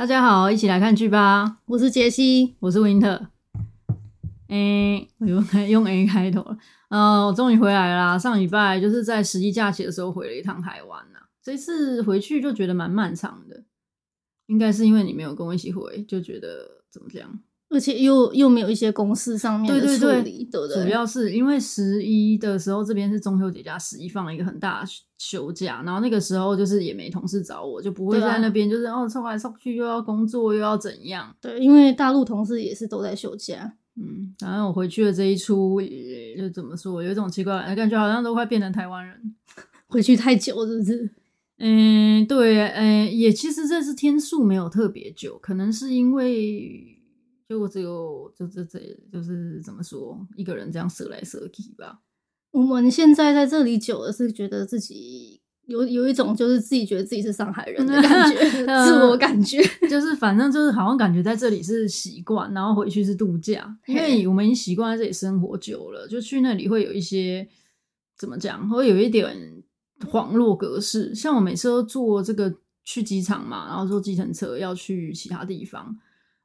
大家好，一起來看劇吧！我是杰西，我是 Winter、欸。哎，我又可以用 A 開頭了。嗯、哦，我終於回來啦，上禮拜就是在十一假期的時候回了一趟台灣吶、啊。這次回去就覺得蠻漫長的，應該是因為你沒有跟我一起回，就覺得怎麼這樣。而且又又沒有一些公事上面的處理，對的。對對，主要是因為十一的時候，這邊是中秋節加十一放了一個很大休假，然後那個時候就是也沒同事找我，就不會在那邊就是、啊、哦，送來送去又要工作又要怎樣？對，因為大陸同事也是都在休假。嗯，反正我回去的這一出又、呃、怎麼說，有一種奇怪的感覺，好像都快變成台灣人。 回去太久是不是？嗯，對，嗯，也其實這次天數沒有特別久，可能是因為。就我只有就這這就，就，就是怎麼說一個人這樣舍來舍去吧。我們現在在這裡久了，是覺得自己有有一種就是自己覺得自己是上海人的感覺， 自我感覺、 嗯、就是反正就是好像感覺在這裡是習慣，然後回去是度假， 因為我們已經習慣在這裡生活久了，就去那裡會有一些怎麼講，會有一點恍若隔世。像我每次都坐這個去機場嘛，然後坐計程車要去其他地方。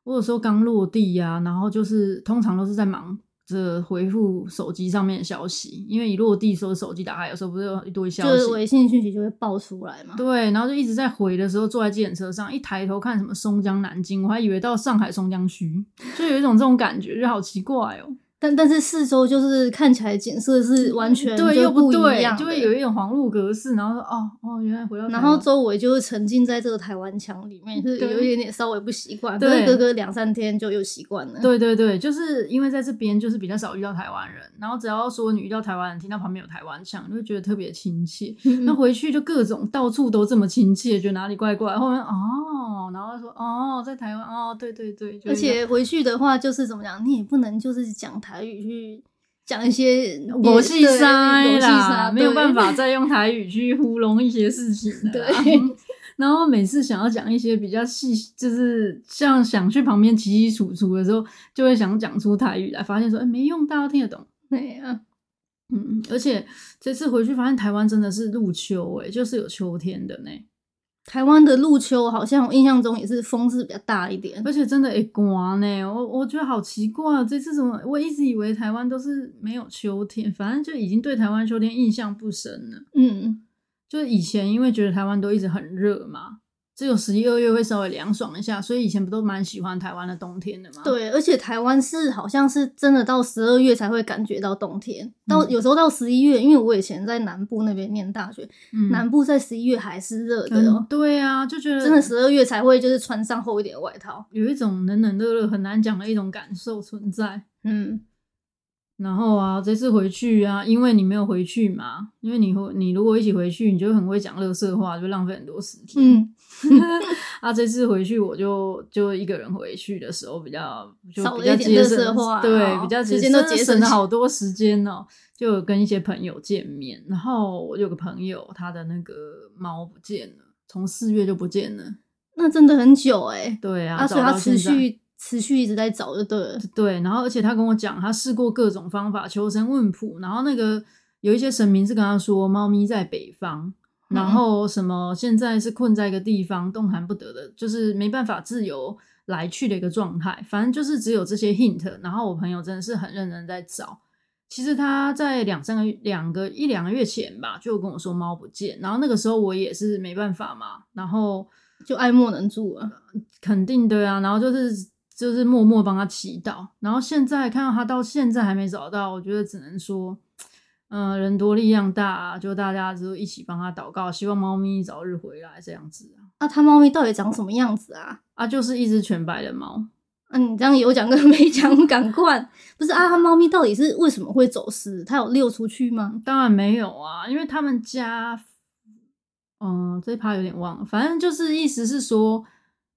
我有時候剛落地呀、啊，然後就是通常都是在忙着回復手機上面的消息，因為一落地的時候手機打開，有時候不是有一堆消息，就是微信訊息就會爆出來嘛。對，然後就一直在回的時候，坐在計程車上，一抬頭看什麼松江、南京，我還以為到上海松江區，就有一種這種感覺，就好奇怪哦、喔。但但是四周就是看起來景色是完全對又不一樣不對，就會有一種恍如隔世，然後說哦哦，原來回到台灣，然後周圍就會沉浸在這個台灣腔裡面，對是有一點點稍微不習慣。對，隔個兩三天就又習慣了。對對對，就是因為在這邊就是比較少遇到台灣人，然後只要說你遇到台灣人，聽到旁邊有台灣腔，就會覺得特別親切。嗯、那回去就各種到處都這麼親切，覺得哪裡怪怪。後面哦，然後說哦，在台灣哦，對對對、對。就而且回去的話就是怎麼講，你也不能就是講台。台語去講一些五四三啦，沒有辦法再用台語去糊弄一些事情。 對、嗯，然後每次想要講一些比較細，就是像想去旁邊奇奇楚楚的時候，就會想講出台語來，發現說哎、欸、沒用，大家聽得懂。那樣、啊、嗯，而且這次回去發現台灣真的是入秋誒、欸、就是有秋天的呢。台灣的入秋好像我印象中也是風勢比較大一點，而且真的誒颳呢。我我覺得好奇怪啊，這次怎麼我一直以為台灣都是沒有秋天，反正就已經對台灣秋天印象不深了。嗯，就是以前因為覺得台灣都一直很熱嘛。只有十一、二月會稍微涼爽一下，所以以前不都蠻喜歡台灣的冬天的嗎？對，而且台灣是好像是真的到十二月才會感覺到冬天，嗯、到有時候到十一月，因為我以前在南部那邊念大學，嗯、南部在十一月還是熱的哦，嗯。對啊，就覺得真的十二月才會就是穿上厚一點外套，有一種冷冷熱熱很難講的一種感受存在。嗯。然後啊，這次回去啊，因為你沒有回去嘛，因為你你如果一起回去，你就很會講垃圾話，就浪費很多時間。嗯， 啊，這次回去我就就一個人回去的時候比較就比較了少了一點垃圾話，對，哦、比較直接真節省了好多時間哦。間就跟一些朋友見面，然後我有個朋友，他的那個貓不見了，從四月就不見了，那真的很久誒、欸、對啊，啊所以要持續。持續一直在找，就對了。對，然後而且他跟我講，他試過各種方法求神問卜，然後那個有一些神明是跟他說，貓咪在北方，然後什麼現在是困在一個地方，動彈不得的，就是沒辦法自由來去的一個狀態。反正就是只有這些 hint。然後我朋友真的是很認真在找。其實他在兩三個兩個一兩個月前吧，就跟我說貓不見，然後那個時候我也是沒辦法嘛，然後就愛莫能助了啊。肯定對啊，然後就是。就是默默幫他祈禱，然後現在看到他到現在還沒找到，我覺得只能說，嗯、呃，人多力量大、啊，就大家就一起幫他禱告，希望貓咪早日回來這樣子。那、啊、他貓咪到底長什麼樣子啊？啊，就是一只全白的貓。嗯、啊，你這樣有講跟沒講？趕快，不是啊，他貓咪到底是為什麼會走失？他有溜出去嗎？當然沒有啊，因為他們家，嗯，這趴有點忘了，反正就是意思是說。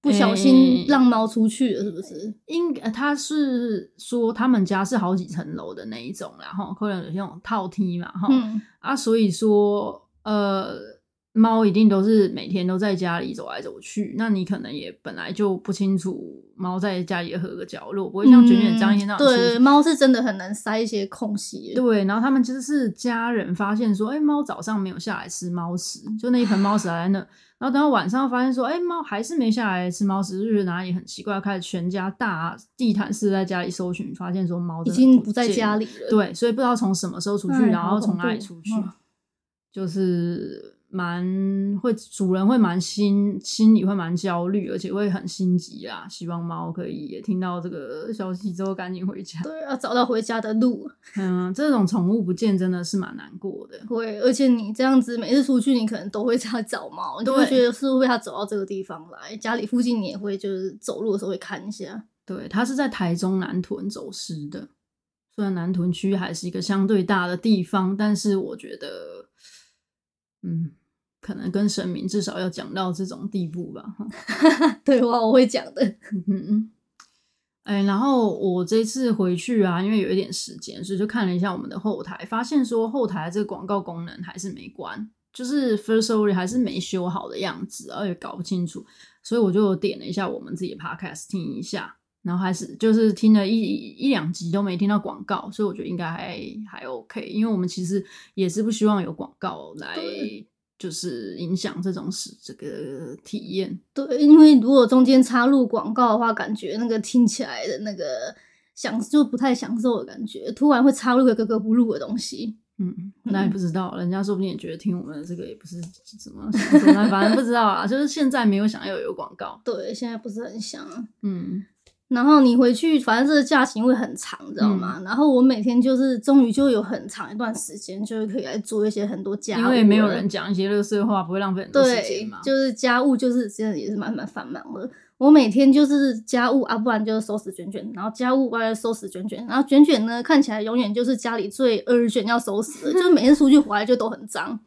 不小心讓貓出去了，欸、是不是？應該？他是說他們家是好幾層樓的那一種，然後可能有那種套梯嘛，哈。嗯、啊，所以說，呃。貓一定都是每天都在家裡走來走去，那你可能也本來就不清楚貓在家裡的各個角落，不會像卷卷張一那樣。嗯、那對，貓是真的很難塞一些空隙。對，然後他們其實是家人發現說，哎、欸，貓早上沒有下來吃貓食，就那一盆貓食還在那。然後等到晚上發現說，哎、欸，貓還是沒下來吃貓食，就覺得哪裡很奇怪，開始全家大地毯式在家裡搜尋，發現說貓已經不在家裡了。對，所以不知道從什麼時候出去，哎、然後從哪裡出去，嗯、就是。蠻會主人會蠻心心裡會蠻焦慮，而且會很心急啊！希望貓可以也聽到這個消息之後趕緊回家，對啊，要找到回家的路。嗯，這種寵物不見真的是蠻難過的。會，而且你這樣子每次出去，你可能都會在找貓，你都對會覺得是不是它走到這個地方來？家裡附近你也會就是走路的時候會看一下。對，它是在台中南屯走失的。雖然南屯區還是一個相對大的地方，但是我覺得。嗯，可能跟神明至少要講到這種地步吧，哈。哈哈，對，話我會講的。嗯嗯嗯。哎，然後我這次回去啊，因為有一點時間，所以就看了一下我們的後台，發現說後台這個廣告功能還是沒關，就是 Firstory 還是沒修好的樣子，啊，而且搞不清楚，所以我就點了一下我們自己的 podcast 聽一下。然後還是就是聽了一一兩集都沒聽到廣告，所以我覺得應該還還 OK。因為我們其實也是不希望有廣告來對就是影響這種是這個體驗。對，因為如果中間插入廣告的話，感覺那個聽起來的那個享就不太享受的感覺，突然會插入個格格不入的東西。嗯，那也不知道，嗯、人家說不定也覺得聽我們的這個也不是什麼， 反正不知道啊。就是現在沒有想要有廣告。對，現在不是很想。嗯。然後你回去，反正這個假期會很長，你知道嗎？嗯、然後我每天就是終於就有很長一段時間，就是可以來做一些很多家務，因為沒有人講一些囉嗦話，不會浪費很多時間嘛。對，就是家務就是現在也是蠻蠻繁忙的。我每天就是家務啊，不然就是收拾卷卷，然後家務完了、呃、收拾卷卷，然後卷卷呢看起來永遠就是家裡最二卷要收拾的， 就是每天出去回來就都很髒，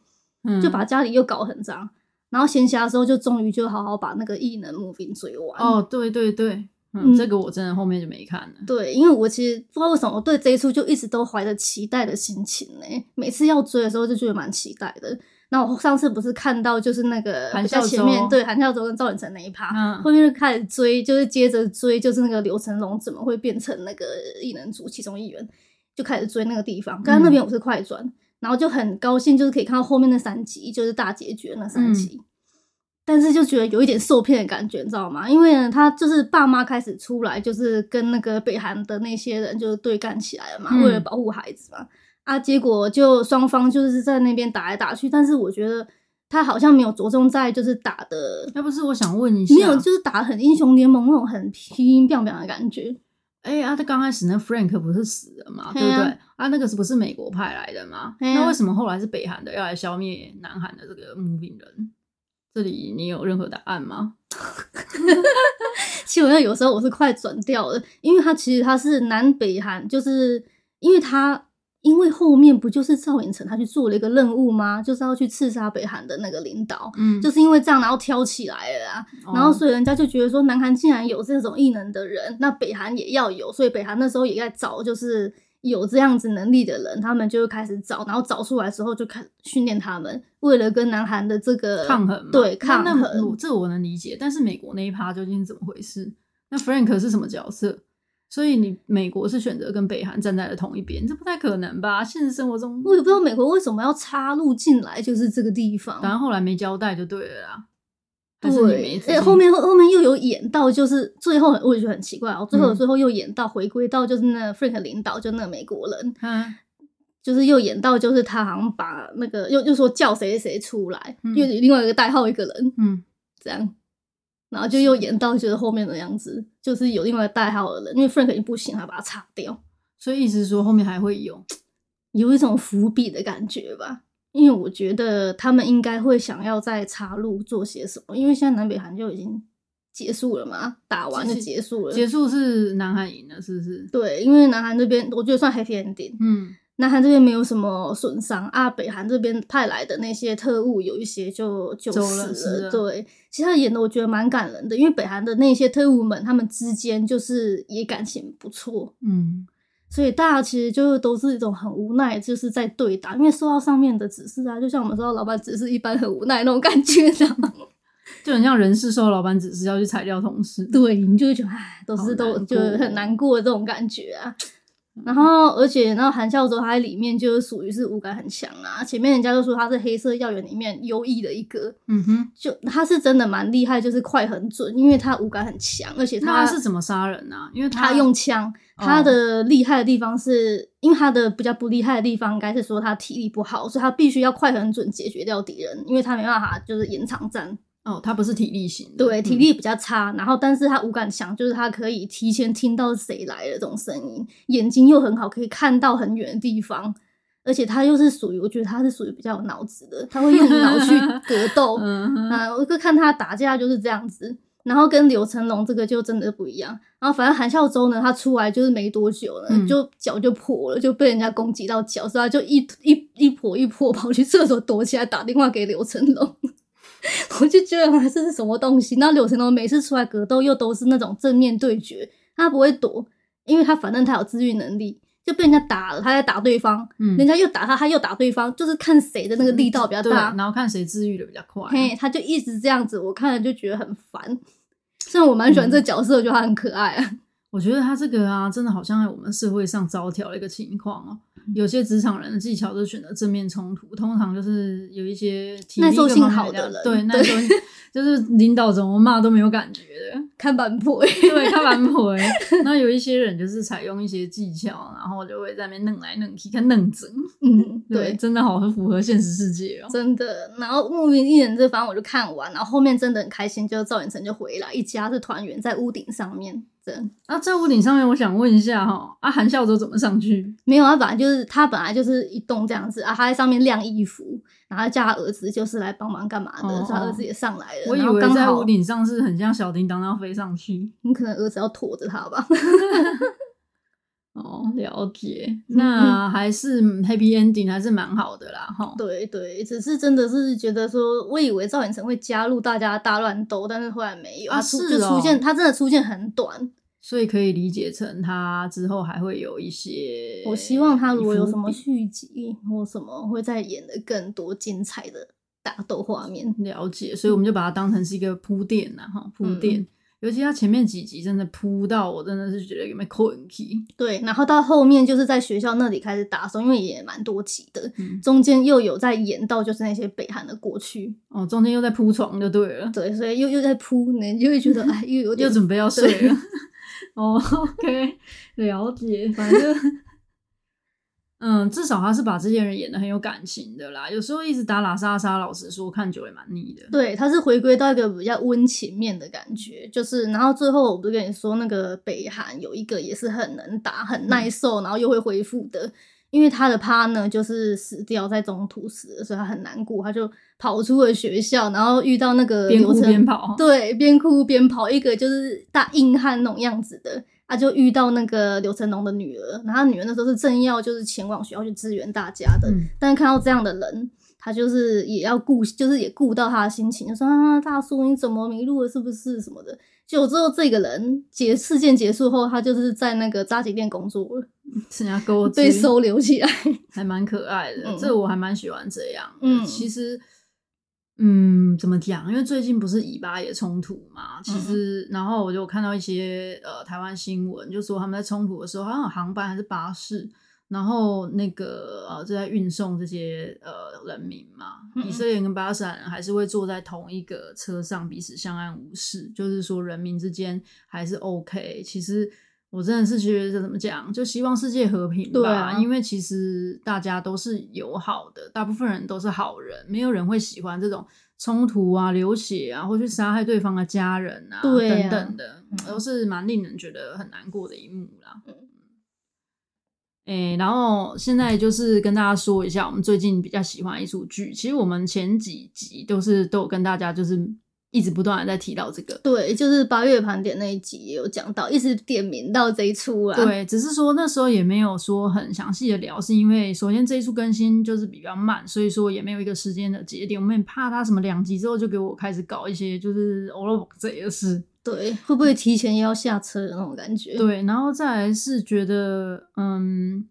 嗯、就把家裡又搞很髒。然後閒暇的時候就終於就好好把那個異能 Moving 追完。哦，對對對。嗯，嗯，這個我真的後面就沒看了。對，因為我其實不知道為什麼我對這一出就一直都懷着期待的心情呢、欸。每次要追的時候就覺得蠻期待的。那我上次不是看到就是那個韓，比較前面對韓孝周跟趙寅成那一趴，啊、後面就開始追，就是接着追就是那個柳承龍怎麼會變成那個異能組其中一員，就開始追那個地方。剛剛那邊我是快轉，嗯、然後就很高興，就是可以看到後面那三集就是大結局那三集。嗯但是就覺得有一點受騙的感覺，你知道嗎？因為呢，他就是爸媽開始出來，就是跟那個北韓的那些人就是對幹起來了嘛，為了保護孩子嘛。嗯、啊，結果就雙方就是在那邊打來打去。但是我覺得他好像沒有着重在就是打的，要不是我想問一下，沒有就是打很英雄聯盟那種很拼彪彪的感覺。哎呀、欸，他、啊、剛開始那 Frank 不是死了嘛，對不對？欸、啊，啊，那個是不是美國派來的嘛？欸啊、那為什麼後來是北韓的要來消滅南韓的這個 Moving 人？這裡你有任何答案嗎？ 其實我有時候我是快轉掉了，因為他其實他是南北韓，就是因為他因為後面不就是趙寅成他去做了一個任務嗎？就是要去刺殺北韓的那個領導，嗯，就是因為這樣然後挑起來了、啊，哦、然後所以人家就覺得說，南韓既然有這種異能的人，那北韓也要有，所以北韓那時候也在找，就是。有這樣子能力的人，他們就開始找，然後找出來之後就開始訓練他們，為了跟南韓的這個抗衡嗎？對，抗衡，對抗衡。這個我能理解，但是美國那一趴究竟怎麼回事？那 Frank 是什麼角色？所以你美國是選擇跟北韓站在了同一邊，這不太可能吧？現實生活中，我也不知道美國為什麼要插入進來，就是這個地方。然後後來沒交代就對了啦。對，哎、欸，後面後，後面又有演到，就是最後，我也覺得很奇怪。哦，最後最後又演到回歸到，就是那個 Frank 領導，就是，那個美國人，嗯，就是又演到，就是他好像把那個又又說叫誰誰出來，嗯，又另外一個代號一個人，嗯，這樣，然後就又演到就是後面的樣子，就是有另外代號的人，因為 Frank 已經不行了，他把他擦掉，所以一直說後面還會有，有一種伏筆的感覺吧。因為我覺得他們應該會想要在插入做些什麼，因為現在南北韓就已經結束了嘛，打完就結束了。結束是南韓贏了，是不是？對，因為南韓這邊我覺得算 happy ending，嗯，南韓這邊沒有什麼損傷啊，北韓這邊派來的那些特務有一些就就死了。了是對，其實他演的我覺得蠻感人的，因為北韓的那些特務們他們之間就是也感情不錯，嗯。所以大家其實就是都是一種很無奈，就是在對答。因為受到上面的指示啊，就像我們收到老闆指示一般，很無奈那種感覺這樣，這 就很像人事受老闆指示要去裁掉同事，對，你就會覺得，唉，都是都就很難過的這種感覺啊。然後，而且，然後韓孝周他在裡面就是屬於是五感很強啊。前面人家就說他是黑色要員裡面優異的一個，嗯哼，就他是真的蠻厲害，就是快狠準，因為他五感很強，而且他，他是怎麼殺人啊？因為他，他用槍，他的厲害的地方是，哦、因為他的比較不厲害的地方，應該是說他體力不好，所以他必須要快狠準解決掉敵人，因為他沒辦法就是延長戰。哦，他不是體力型，對，體力比較差。嗯、然後，但是他五感強，就是他可以提前聽到誰來的這種聲音，眼睛又很好，可以看到很遠的地方。而且他又是屬於，我覺得他是屬於比較有腦子的，他會用腦去格鬥。啊， 我就看他打架就是這樣子。然後跟劉成龍這個就真的不一樣。然後，反正韓孝周呢，他出來就是沒多久了，就腳就跛了，嗯、就被人家攻擊到腳，所以他就一一一跛一跛，跑去廁所躲起來，打電話給劉成龍。我就覺得這是什麼東西。那柳成龍每次出來格鬥，又都是那種正面對決，他不會躲，因為他反正他有自癒能力，就被人家打了，他在打對方。嗯、人家又打他，他又打對方，就是看誰的那個力道比較大，嗯、然後看誰治癒的比較快。嘿，他就一直這樣子，我看了就覺得很煩。雖然我蠻喜歡這個角色，我覺得他很可愛。啊。我覺得他這個啊， 真的好像在我們社會上招挑的一個情況，啊。有些職場人的技巧都選擇正面衝突，通常就是有一些耐受性好，那時候考的。對，耐受性就是領導怎麼罵都沒有感覺。覺得看板坡， 對，看板婆。那有一些人就是採用一些技巧， 然後就會在那邊弄來弄去，看弄真。嗯，對，對，真的好，很符合現實世界哦。真的。然後《Moving 異能這凡》我就看完，然後後面真的很開心，就趙寅成就回來，一家是團圓，在屋頂上面。對。啊，在屋頂上面，我想問一下哈，啊，韓孝周怎麼上去？沒有啊，本來就是他本來就是一棟這樣子啊，他在上面晾衣服。然後叫他兒子，就是來幫忙幹嘛的？哦、他兒子也上來了。哦、剛我以為在屋頂上是很像小叮當要飛上去，你可能兒子要馱着他吧。 哦，了解，那還是 Happy Ending，還是蠻好的啦。哈、嗯、哦、對對，只是真的是覺得說，我以為趙遠成會加入大家的大亂鬥，但是後來沒有啊，就出現他真的出現很短。所以可以理解成他之後還會有一些。我希望他如果有什麼續集或什麼，會再演的更多精彩的打鬥畫面。了解，所以我們就把它當成是一個鋪墊吶，哈，鋪墊、嗯。尤其他前面幾集真的鋪到我真的是覺得有蠻困的。對，然後到後面就是在學校那裡開始打的時候，因為也蠻多集的，中間又有在演到就是那些北韓的過去。哦，中間又在鋪床就對了。對，所以又又在鋪，你就會覺得哎，又有點又準備要睡了。哦、oh，OK， 了解。反正， 嗯，至少他是把這些人演的很有感情的啦。有時候一直打打殺殺，老實說看久也蠻膩的。對，他是回歸到一個比較溫情面的感覺。就是，然後最後我不是跟你說那個北韓有一個也是很能打，很耐受，然後又會恢復的。嗯因為他的趴呢，就是死掉，在中途死，所以他很難過，他就跑出了學校，然後遇到那個，邊哭邊跑，對，邊哭邊跑，一個就是大硬漢那種樣子的，他就遇到那個劉成龍的女兒，然後他女兒那時候是正要就是前往學校去支援大家的，嗯、但是看到這樣的人，他就是也要顧，就是也顧到他的心情，就說啊，大叔你怎麼迷路了，是不是什麼的？結果，之後這個人結事件結束後，他就是在那個炸雞店工作了。剩給我被收留起來，還蠻可愛的。嗯、這我還蠻喜歡這樣。嗯，其實，嗯，怎麼講？因為最近不是以巴也衝突嘛。其實，嗯嗯，然後我就看到一些呃台灣新聞，就說他們在衝突的時候，好像有航班還是巴士，然後那個呃就在運送這些呃人民嘛。嗯嗯，以色列跟巴勒斯坦還是會坐在同一個車上，彼此相安無事。就是說，人民之間還是 OK。其實。我真的是覺得怎麼講，就希望世界和平吧，對啊，因為其實大家都是友好的，大部分人都是好人，沒有人會喜歡這種衝突啊、流血啊，或去殺害對方的家人啊、啊等等的，都是蠻令人覺得很難過的一幕啦。哎對、欸，然後現在就是跟大家說一下，我們最近比較喜歡一出劇，其實我們前幾集都是都有跟大家就是。一直不斷的在提到這個，對，就是八月盤點那一集也有講到，一直點名到這一出啊。對，只是說那時候也沒有說很詳細的聊，是因為首先這一出更新就是比較慢，所以說也沒有一個時間的節點，我們也怕他什麼兩集之後就給我開始搞一些就是歐羅這些事，對，會不會提前要下車的那種感覺？ 對，然後再來是覺得嗯。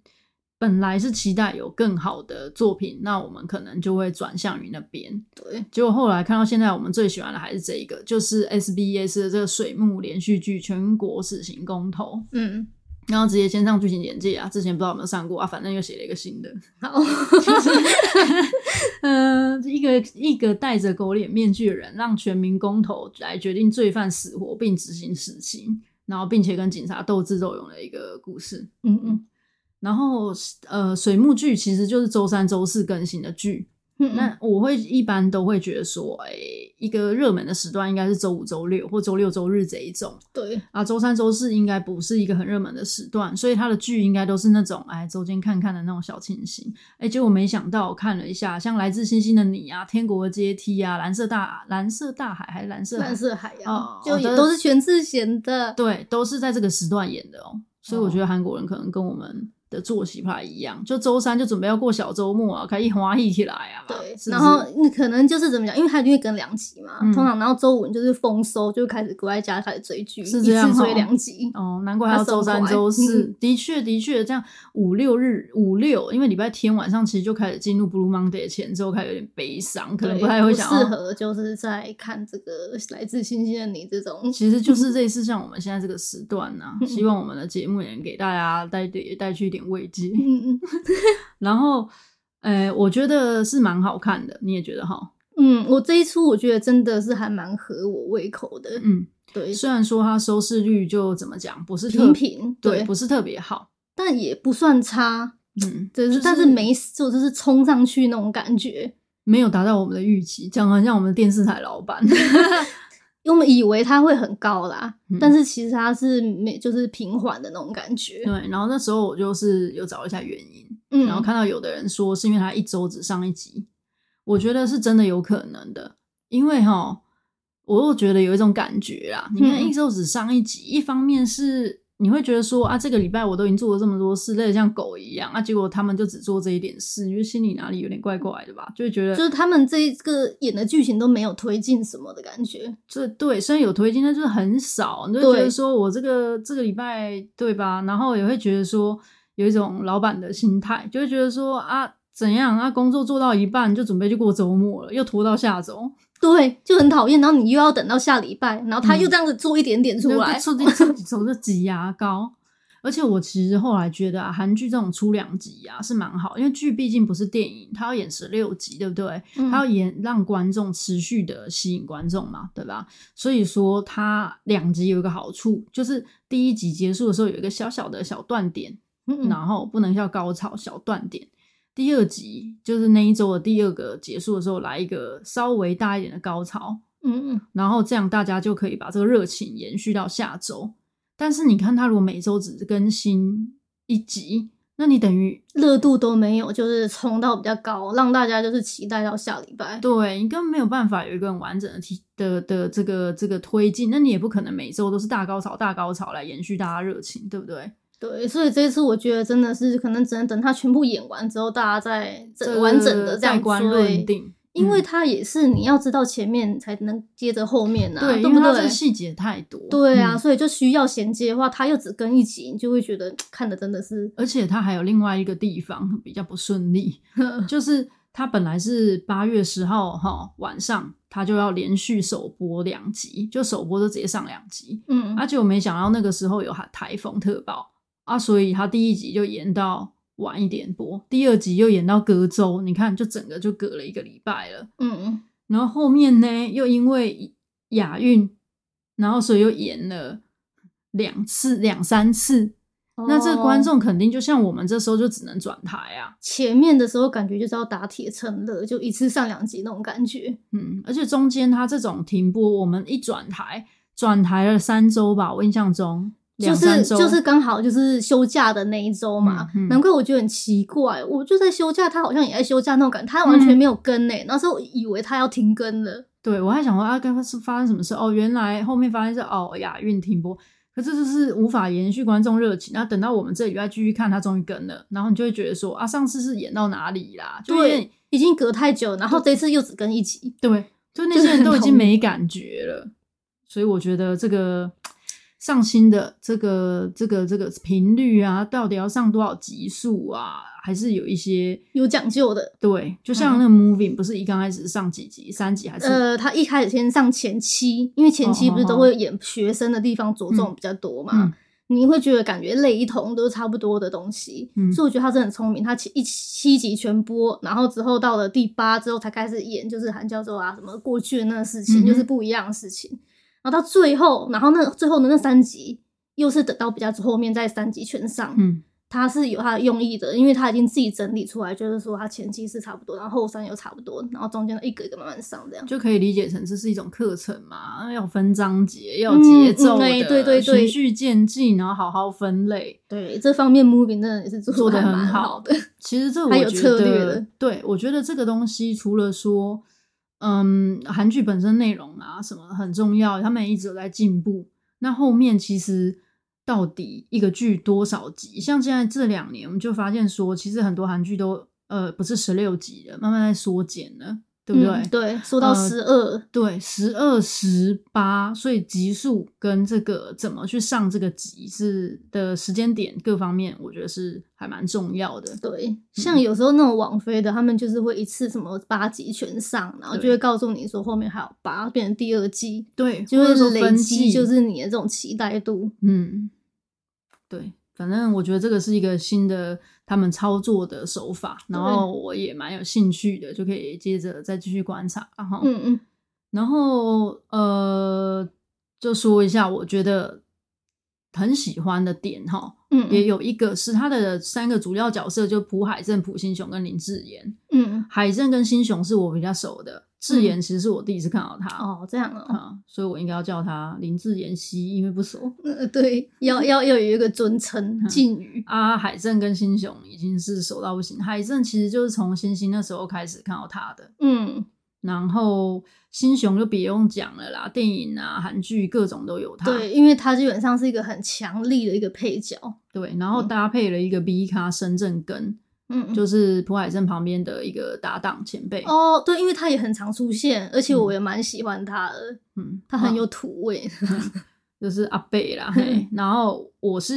本來是期待有更好的作品，那我們可能就會轉向於那邊。對，結果後來看到現在，我們最喜歡的還是這一個，就是 SBS 的這個水木連續劇《全國死刑公投》。嗯，然後直接先上劇情簡介啊，之前不知道有沒有上過啊，反正又寫了一個新的。好，嗯，一個一個戴着狗臉面具的人，讓全民公投來決定罪犯死活並執行死刑，然後並且跟警察鬥智鬥勇的一個故事。嗯嗯。然後，呃，水木劇其實就是周三、周四更新的劇。那、嗯、我會一般都會覺得說，誒、欸、一個熱門的時段應該是周五、周六或周六、周日這一種。對啊，周三、周四應該不是一個很熱門的時段，所以他的劇應該都是那種哎，周間看看的那種小清新。哎，結果沒想到，我看了一下，像《來自星星的你》啊，《天國的階梯》啊，《藍色大藍色大海》還是藍色藍色海洋、啊，哦，就也都是全智賢的，對，都是在這個時段演的哦。所以我覺得韓國人可能跟我們。的作息不一樣，就周三就準備要過小周末啊，可以花阿一起來啊。對，是是然後你可能就是怎麼講，因為他就會跟兩集嘛，嗯、通常然後周五就是豐收，就開始擱在家開始追劇，是這樣、哦。追兩集。哦，難怪他周三周四。是的確，的確這樣五六日五六，因為禮拜天晚上其實就開始進入 Blue Monday 前奏，開始有點悲傷，可能不太會想適合，就是在看這個來自星星的你這種，嗯、其實就是類似像我們現在這個時段呢、啊，嗯、希望我們的節目也能給大家帶點帶去點。危機， 嗯， 然後，誒、欸，我覺得是蠻好看的，你也覺得哈？嗯，我這一出我覺得真的是還蠻合我胃口的，嗯，對。雖然說它收視率就怎麼講不是平平，對，對不是特別好，但也不算差，嗯，對就是、但是沒就，就是衝上去那種感覺，沒有達到我們的預期，講得，像我們電視台老板。 因為我們以為它會很高啦，嗯、但是其實它是沒就是平緩的那種感覺。對，然後那時候我就是有找一下原因，嗯、然後看到有的人說是因為它一周只上一集，我覺得是真的有可能的，因為哈，我又覺得有一種感覺啦。你看一周只上一集，嗯、一方面是。你會覺得說啊，這個禮拜我都已經做了這麼多事，累得像狗一樣啊，結果他們就只做這一點事，你就心裡哪裡有點怪怪的吧？就會覺得就是他們這一個演的劇情都沒有推進什麼的感覺，這對，雖然有推進，但就是很少，你就會覺得說對我這個這個禮拜對吧？然後也會覺得說有一種老板的心態，就會覺得說啊，怎樣啊，工作做到一半就準備就過周末了，又拖到下周。對，就很討厭。然後你又要等到下禮拜，然後他又這樣子做一點點出來，就出就出就擠牙膏。 而且我其實後來覺得啊，韓劇這種出兩集啊是蠻好，因為劇畢竟不是電影，它要演十六集，對不對？嗯、它要演讓觀眾持續的吸引觀眾嘛，對吧？所以說它兩集有一個好處，就是第一集結束的時候有一個小小的小斷點，然後不能叫高潮，小斷點。嗯嗯第二集就是那一周的第二個結束的時候來一個稍微大一點的高潮，嗯，嗯，嗯，然後這樣大家就可以把這個熱情延續到下周。但是你看，他如果每周只是更新一集，那你等於熱度都沒有，就是衝到比較高，讓大家就是期待到下禮拜。對，你根本沒有辦法有一個很完整的提的的這個這個推進，那你也不可能每周都是大高潮大高潮來延續大家熱情，對不對？對，所以這一次我覺得真的是可能只能等他全部演完之後，大家再整完整的這樣蓋棺論定，因為它也是你要知道前面才能接着後面吶，對，因為這細節太多，對啊，所以就需要銜接的話，他又只跟一集，你就會覺得看的真的是，而且他還有另外一個地方比較不順利，就是他本來是八月十號哈晚上，他就要連續首播兩集，就首播就直接上兩集，嗯，而且我沒想到那個時候有台風特報。啊，所以他第一集就延到晚一點播，第二集又延到隔周，你看就整個就隔了一個禮拜了。嗯，然後後面呢，又因為亞運，然後所以又延了兩次、兩三次。哦、那這觀眾肯定就像我們這時候就只能轉台啊。前面的時候感覺就是要打鐵趁熱，就一次上兩集那種感覺。嗯，而且中間他這種停播，我們一轉台，轉台了三周吧，我印象中。就是就是剛好就是休假的那一週嘛，嗯嗯、難怪我覺得很奇怪，我就在休假，他好像也在休假那種感覺，他完全沒有跟呢、欸，嗯、那時候我以為他要停更了。對，我還想說啊，剛剛是發生什麼事？哦，原來後面發現是哦，亞運停播，可是就是無法延續觀眾熱情。那等到我們這裡再繼續看，他終於跟了，然後你就會覺得說啊，上次是演到哪裡啦？就是、對，已經隔太久，然後這次又只跟一集，對，就那些人都已經沒感覺了。所以我覺得這個。上新的這個這個這個頻率啊，到底要上多少集數啊？還是有一些有講究的？對，就像那個《Moving》，不是一剛開始上幾集，嗯、三集還是？呃，他一開始先上前期，因為前期不是都會演學生的地方，着重比較多嘛。哦哦哦嗯、你會覺得感覺雷同，都是差不多的東西。嗯、所以我覺得他是很聰明，他七一七集全播，然後之後到了第八之後才開始演，就是韓教授啊，什麼過去的那個事情，嗯、就是不一樣的事情。然後到最後，然後那最後的那三集又是等到比較後面再三集全上，嗯，它是有它的用意的，因為它已經自己整理出來，就是說它前期是差不多，然後後三又差不多，然後中間一個一個慢慢上，這樣就可以理解成這是一種課程嘛，要分章節，要節奏，哎、嗯嗯，對對對，循序漸進，然後好好分類。對這方面，Moving 真的也是做的蠻好的好。其實這我覺得，還有策略的，對，我覺得這個東西除了說嗯，韓劇本身內容啊，什麼很重要，他們一直有在進步。那後面其實到底一個劇多少集？像現在這兩年，我們就發現說，其實很多韓劇都呃不是十六集的，慢慢在縮減了。對對、嗯、對，說到十二、呃，對，十二十八，12, 18, 所以集數跟這個怎麼去上這個集是的時間點各方面，我覺得是還蠻重要的。對，像有時候那種網飛的，他們就是會一次什麼八集全上，然後就會告訴你說後面還有八，對變成第二季。對，就是累積，就是你的這種期待度。嗯，對，反正我覺得這個是一個新的。他們操作的手法，然後我也蠻有興趣的，對就可以接着再繼續觀察，嗯嗯，然後，然後呃，就說一下我覺得很喜歡的點哈。嗯，嗯，也有一個是他的三個主要角色，就朴海鎮、朴新雄跟林智妍。嗯，海鎮跟新雄是我比較熟的，智妍其實是我第一次看到他。嗯、哦，這樣、哦、啊，所以我應該要叫他林智妍希，因為不熟。嗯、對，要要要有一個尊稱，敬語、嗯嗯、啊。海鎮跟新雄已經是熟到不行，海鎮其實就是從星星那時候開始看到他的。嗯。然後新雄就不用講了啦，電影啊、韓劇各種都有他。對，因為他基本上是一個很強力的一個配角。對，然後搭配了一個 B 咖深圳根，嗯，就是朴海鎮旁邊的一個搭檔前輩。哦，對，因為他也很常出現，而且我也蠻喜歡他的。嗯，他很有土味，嗯、就是阿伯啦 嘿。然後我是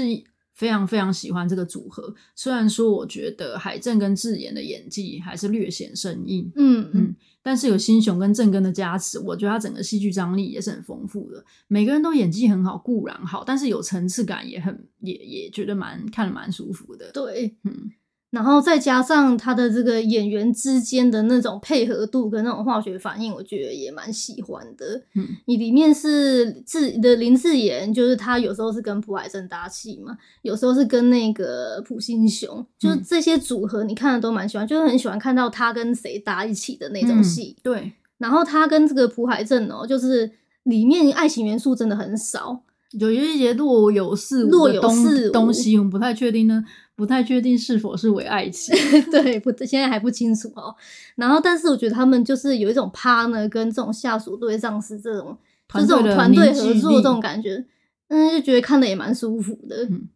非常非常喜歡這個組合，雖然說我覺得海鎮跟智妍的演技還是略顯生硬。嗯嗯。嗯但是有新雄跟正根的加持，我覺得他整個戲劇張力也是很豐富的。每個人都演技很好，固然好，但是有層次感也很也也覺得蠻看得蠻舒服的。對，嗯。然後再加上他的這個演員之間的那種配合度，跟那種化學反應，我覺得也蠻喜歡的。嗯，你裡面是志的林智妍，就是他有時候是跟朴海鎮搭戲嘛，有時候是跟那個朴成雄，嗯、就這些組合你看的都蠻喜歡，就是很喜歡看到他跟誰搭一起的那種戲。嗯、對，然後他跟這個朴海鎮哦，就是裡面愛情元素真的很少，有有些若有似若有東東西，我們不太確定呢。不太確定是否是偽愛情， 對，不，現在還不清楚哦、喔。然後，但是我覺得他們就是有一種 partner，跟這種下屬對上司這種，就這種團隊合作的這種感覺，嗯，就覺得看得也蠻舒服的。嗯，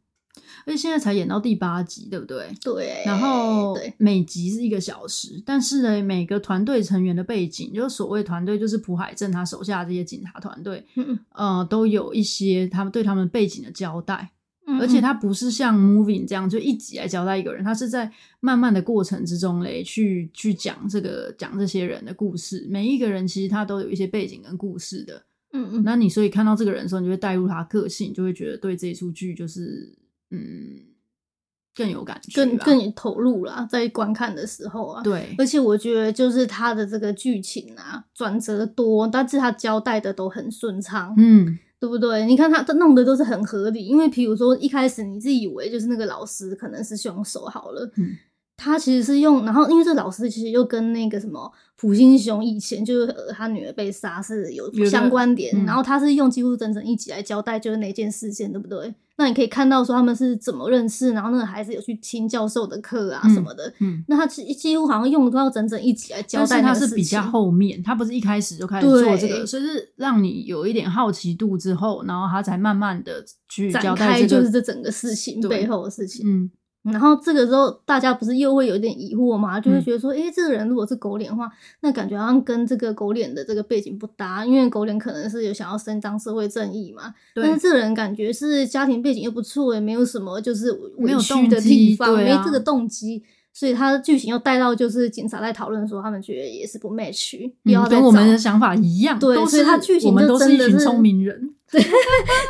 而且現在才演到第八集，對不對？對。然後每集是一個小時，對但是呢，每個團隊成員的背景，就是所謂團隊，就是朴海鎮他手下的這些警察團隊，嗯嗯，呃，都有一些他們對他們背景的交代。而且他不是像《Moving》這樣，嗯、就一集來交代一個人，嗯、他是在慢慢的過程之中嘞，去去講這個講這些人的故事。每一個人其實他都有一些背景跟故事的，嗯嗯。那你所以看到這個人的時候，你就會帶入他個性，就會覺得對這一出劇就是，嗯，更有感覺、啊更，更更投入了。在觀看的時候啊，對。而且我覺得就是他的這個劇情啊，轉折多，但是他交代的都很順暢，嗯。對不對？你看他他弄的都是很合理，因為譬如說一開始你自己以為就是那個老師可能是兇手，好了。嗯他其實是用，然後因為這個老師其實又跟那個什麼普星雄以前就是他女兒被殺是有相關點，嗯、然後他是用幾乎整整一集來交代就是那件事件，對不對？那你可以看到說他們是怎麼認識，然後那個孩子有去聽教授的課啊什麼的，嗯嗯、那他是幾乎好像用到整整一集來交代。他是比較後面，他不是一開始就開始做這個，對所以是讓你有一點好奇度之後，然後他才慢慢的去交代、這個、展開，就是這整個事情背後的事情，嗯。嗯、然後這個時候，大家不是又會有點疑惑嘛，就會、是、覺得說，嗯、誒，這個人如果是狗臉的話，那感覺好像跟這個狗臉的這個背景不搭，因為狗臉可能是有想要伸張社會正義嘛。嗯、但是這個人感覺是家庭背景又不錯、欸，也沒有什麼就是委屈的地方。沒，沒這個動機，啊、所以他的劇情又帶到就是警察在討論說，他們覺得也是不 match。嗯，要跟我們的想法一樣，對都是他劇情就真的是。我們都是一群聰明人。對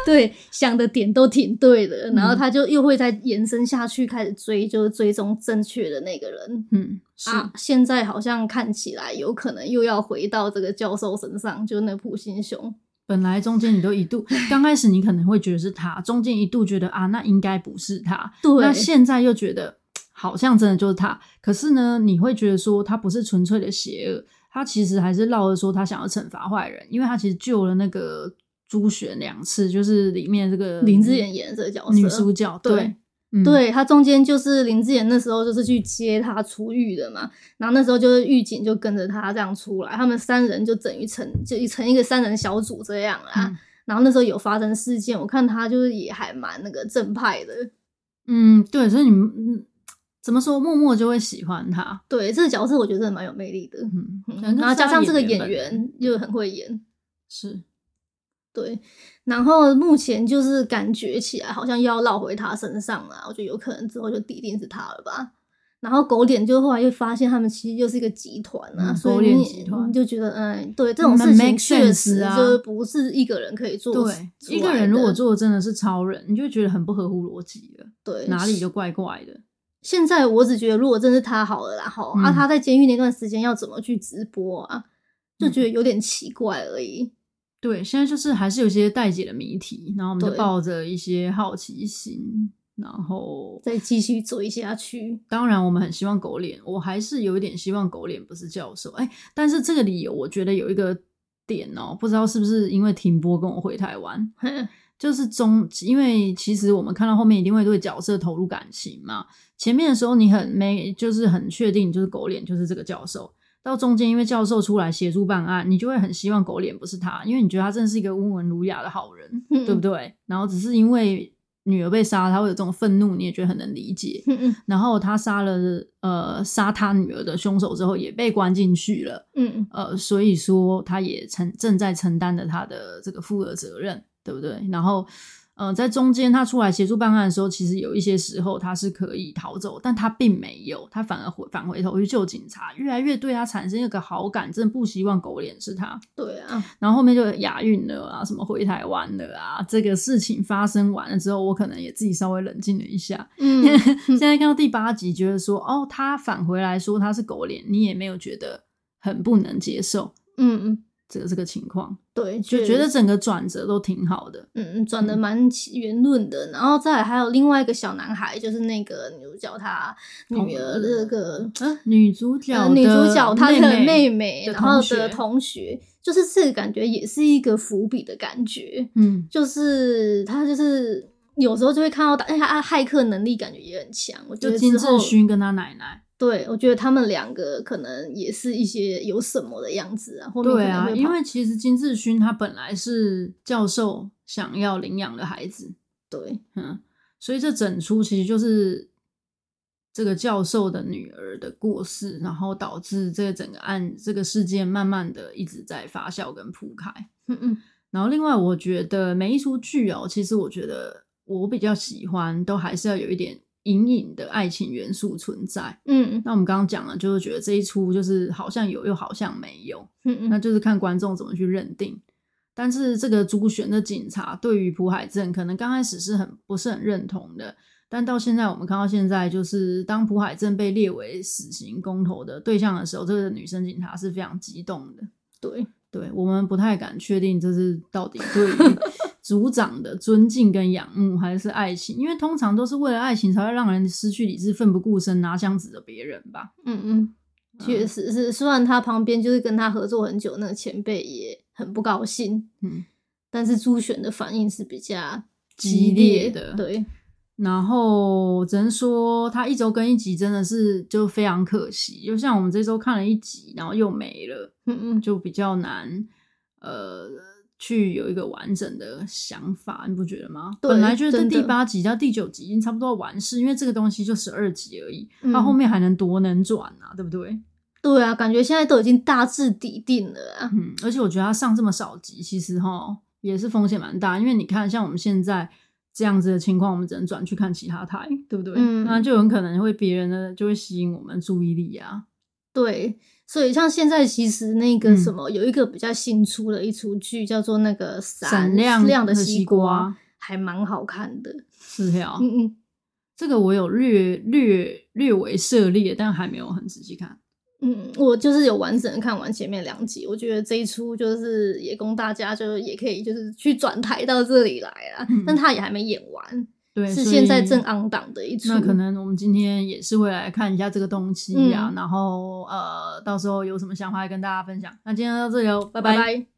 對， 想的點都挺對的，嗯、然後他就又會再延伸下去，開始追，就是追蹤正確的那個人。嗯，是啊，現在好像看起來有可能又要回到這個教授身上，就那蒲心雄。本來中間你都一度，剛 開始你可能會覺得是他，中間一度覺得啊，那應該不是他。對，那現在又覺得好像真的就是他。可是呢，你會覺得說他不是純粹的邪惡，他其實還是繞着說他想要懲罰壞人，因為他其實救了那個。朱璇兩次，就是裡面這個林志穎演的這個角色，女主角對，對，嗯、對，他中間就是林志穎那時候就是去接他出獄的嘛，然後那時候就是獄警就跟着他這樣出來，他們三人就等於成就成一,一個三人小組這樣啦。嗯、然後那時候有發生事件，我看他就是也還蠻那個正派的，嗯，對，所以你嗯怎麼說默默就會喜歡他，對，這個角色我覺得蠻有魅力的，嗯，然後加上這個演員又、嗯、很會演，是。對，然後目前就是感覺起來好像要落回他身上啊，我覺得有可能之後就必定是他了吧。然後狗臉就後來又發現他們其實就是一個集團啊，嗯、狗臉集團，所以你，你就覺得，哎、嗯，對這種事情確實啊，就是不是一個人可以做的，嗯啊。對，一個人如果做的真的是超人，你就覺得很不合乎邏輯的。對，哪裡就怪怪的。現在我只覺得如果真的是他好了啦，然後啊他在監獄那段時間要怎麼去直播啊，嗯、就覺得有點奇怪而已。對，現在就是還是有些待解的謎題，然後我們就抱着一些好奇心，對然後再繼續做下去。當然，我們很希望狗臉，我還是有一點希望狗臉不是教授。哎，但是這個理由我覺得有一個點哦，不知道是不是因為停播跟我回台灣， 就是中，因為其實我們看到後面一定會對角色投入感情嘛。前面的時候你很沒，就是很確定，就是狗臉就是這個教授。到中間，因為教授出來協助辦案，你就會很希望狗臉不是他，因為你覺得他真是一個溫文儒雅的好人，嗯、對不對？然後只是因為女兒被殺，他會有這種憤怒，你也覺得很能理解。嗯、然後他殺了呃殺他女兒的凶手之後，也被關進去了。嗯呃，所以說他也承正在承擔着他的這個負責的責任，對不對？然後。呃，在中間他出來協助辦案的時候，其實有一些時候他是可以逃走，但他並沒有，他反而回返回頭去救警察，越來越對他產生一個好感，真的不希望狗臉是他。對啊，然後後面就亞運了啊，什麼回台灣了啊，這個事情發生完了之後，我可能也自己稍微冷靜了一下。嗯，現在看到第八集，覺得說哦，他返回來說他是狗臉，你也沒有覺得很不能接受。嗯。這個這個情況，對，就覺得整個轉折都挺好的，嗯，轉得蠻圓潤的。嗯、然後再還有另外一個小男孩，就是那個他女、這個呃、女主角她女兒那個，女主角女主角她的妹妹，然後的同學，就是是感覺也是一個伏筆的感覺，嗯，就是他就是有時候就會看到，而且他駭客能力感覺也很強，我覺得金正勳跟他奶奶。對，我覺得他們兩個可能也是一些有什麼的樣子啊，或，對啊，因為其實金志勳他本來是教授想要領養的孩子，對，嗯，所以這整出其實就是這個教授的女兒的過世，然後導致這個整個案這個事件慢慢的一直在發酵跟鋪開。嗯嗯，然後另外我覺得每一出劇哦，其實我覺得我比較喜歡，都還是要有一點。隱隱的愛情元素存在，嗯，那我們剛剛講了，就是覺得這一出就是好像有，又好像沒有，嗯嗯，那就是看觀眾怎麼去認定。但是這個朱玄的警察對於朴海鎮，可能剛開始是很不是很認同的，但到現在我們看到現在，就是當朴海鎮被列為死刑公投的對象的時候，這個女生警察是非常激動的，對。對，我們不太敢確定，這是到底對組長的尊敬跟仰慕，還是愛情？ 因為通常都是為了愛情才會讓人失去理智，奮不顧身拿槍指着別人吧。嗯嗯，確、嗯嗯、實是。雖然他旁邊就是跟他合作很久那個前輩也很不高興，嗯，但是朱璇的反應是比較激烈，激烈的。對。然後只能說，他一周更一集真的是就非常可惜。就像我們這周看了一集，然後又沒了，嗯嗯，就比較難，呃，去有一個完整的想法，你不覺得嗎？本來覺得第八集到第九集已經差不多完事，因為這個東西就十二集而已，他後面還能多能轉啊，對不對？對啊，感覺現在都已經大致底定了。嗯，而且我覺得他上這麼少集，其實哈也是風險蠻大，因為你看，像我們現在。這樣子的情況，我們只能轉去看其他台，對不對？嗯，那就很可能會別人的就會吸引我們注意力呀、啊。對，所以像現在其實那個什麼，嗯、有一個比較新出的一出劇，叫做那個閃亮亮的西瓜，西瓜還蠻好看的。是啊好，嗯嗯，這個我有略略略為涉獵，但還沒有很仔細看。嗯，我就是有完整的看完前面兩集，我覺得這一出就是也供大家，就也可以就是去轉台到這裡來啊。嗯、但他也還沒演完，對，是現在正 on 檔的一出。那可能我們今天也是會來看一下這個東西啊，嗯、然後呃，到時候有什麼想法來跟大家分享。那今天到這裡，拜拜。拜拜